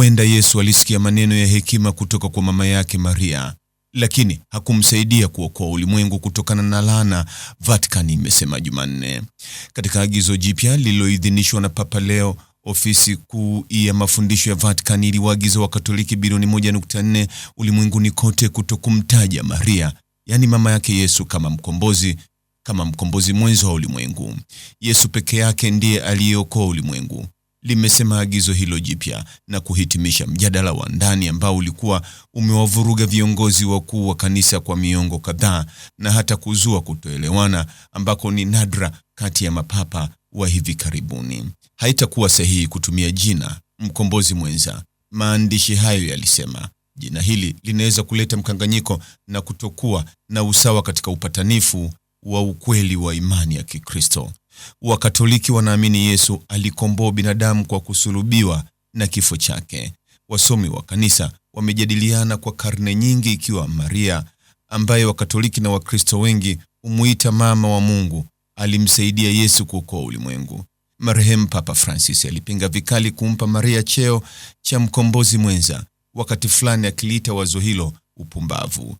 Huenda Yesu alisikia maneno ya hekima kutoka kwa mama yake Maria, lakini hakumsaidia kuokoa ulimwengu kutokana na laana, Vatican imesema Jumanne. Katika agizo jipya lililoidhinishwa na Papa Leo, ofisi kuu ya mafundisho ya Vatican iliwaagiza Wakatoliki bilioni 1.4 ulimwenguni kote kutokumtaja Maria, yaani mama yake Yesu, kama mkombozi kama mkombozi mwenzo wa ulimwengu. Yesu peke yake ndiye aliyeokoa ulimwengu limesema agizo hilo jipya na kuhitimisha mjadala wa ndani ambao ulikuwa umewavuruga viongozi wakuu wa kanisa kwa miongo kadhaa na hata kuzua kutoelewana ambako ni nadra kati ya mapapa wa hivi karibuni. Haitakuwa sahihi kutumia jina mkombozi mwenza, maandishi hayo yalisema. Jina hili linaweza kuleta mkanganyiko na kutokuwa na usawa katika upatanifu wa ukweli wa imani ya Kikristo. Wakatoliki wanaamini Yesu alikomboa binadamu kwa kusulubiwa na kifo chake. Wasomi wa kanisa wamejadiliana kwa karne nyingi ikiwa Maria, ambaye Wakatoliki na Wakristo wengi humuita mama wa Mungu, alimsaidia Yesu kuokoa ulimwengu. Marehemu Papa Francis alipinga vikali kumpa Maria cheo cha mkombozi mwenza, wakati fulani akiliita wazo hilo upumbavu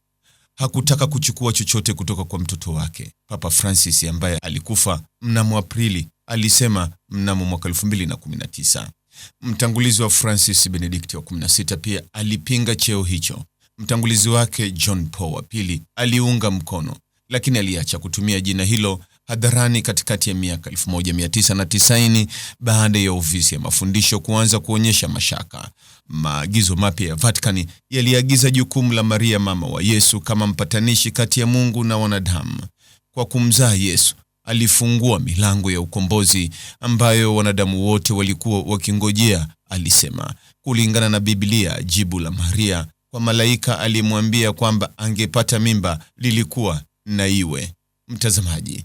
hakutaka kuchukua chochote kutoka kwa mtoto wake. Papa Francis ambaye alikufa mnamo Aprili alisema mnamo mwaka 2019. Mtangulizi wa Francis, Benedikti wa 16, pia alipinga cheo hicho. Mtangulizi wake John Paul wa pili aliunga mkono, lakini aliacha kutumia jina hilo hadharani katikati ya miaka 1990 baada ya ofisi ya mafundisho kuanza kuonyesha mashaka. Maagizo mapya ya Vatican yaliagiza jukumu la Maria mama wa Yesu kama mpatanishi kati ya Mungu na wanadamu. Kwa kumzaa Yesu, alifungua milango ya ukombozi ambayo wanadamu wote walikuwa wakingojea, alisema. Kulingana na Biblia, jibu la Maria kwa malaika aliyemwambia kwamba angepata mimba lilikuwa na iwe. Mtazamaji,